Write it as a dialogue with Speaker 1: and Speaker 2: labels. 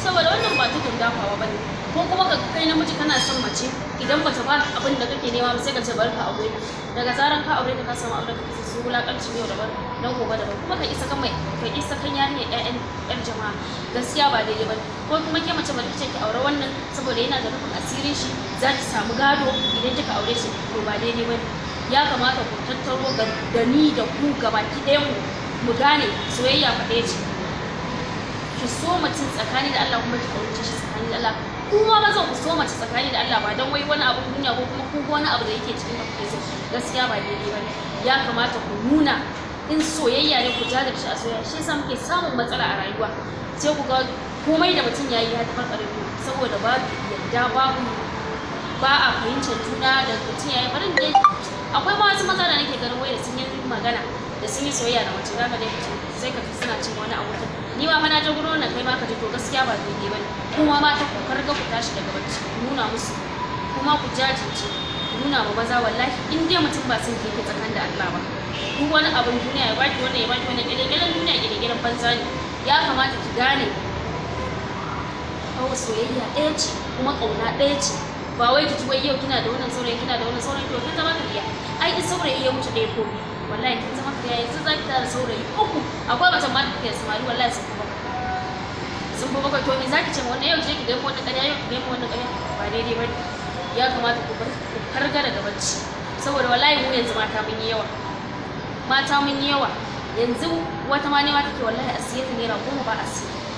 Speaker 1: saboda wannan ba tudun dafawa bane ko kuma ka kai namiji kana son mace idan ta ba abin da kake nema sai ka ce bari ka aure daga zaran ka aure ka samu aure ka kasa su wulakanci yau daban nan gobe daban kuma ka isa kan mai ka isa kan yarinya ƴaƴan ƴan jama'a gaskiya ba daidai ba ko kuma ke mace ba ce ki aure wannan saboda yana da rufin asirin shi za ki samu gado idan kika aure shi to ba daidai ba ya kamata ku tattaro da ni da ku gabaki ɗayan mu mu gane soyayya fa ɗaya ce ki so mutum tsakani da Allah kuma ki kauce shi tsakani da Allah kuma ba zan ku so mace tsakani da Allah ba don wai wani abu duniya ko kuma kun wani abu da yake cikin da kuke so gaskiya ba daidai ba ya kamata ku nuna in soyayya ne ku jajirce a soyayya shi yasa muke samun matsala a rayuwa sai ku ga komai da mutum yayi ya tafi karfi saboda babu yadda babu ba a fahimtar juna da mutum yayi barin da yi soyayya da mace zaka dai ce sai ka suna cin wani abu ni ma na je gurin kai ma ka ji to gaskiya ba daidai bane kuma ma ta kokar ga ku tashi daga bacci nuna musu kuma ku jajince nuna ma maza wallahi in dai mutum ba sun keke tsakan da Allah ba duk wani abin duniya ya baki wannan ya baki wannan gidan duniya gidan banza ne ya kamata ki gane kawai soyayya ɗaya ce kuma ƙauna ɗaya ce ba wai ki ji wai yau kina da wannan saurayi kina da wannan saurayi to kin zama ka iya ai in saurayi ya wuce ɗaya ko biyu wallahi kin zama ka yayi sun zaki tara saurayi uku akwai mace ma da kake samari wallahi sun kuma sun kuma kai to me ki ce wannan yau je ki daimo wannan ƙarya yau ki daimo wannan ƙarya ba daidai bane ya kamata ku farga daga bacci saboda wallahi mu yanzu mata mun yi yawa mata mun yi yawa yanzu wata ma ne ma take wallahi asiyata naira goma ba asiyata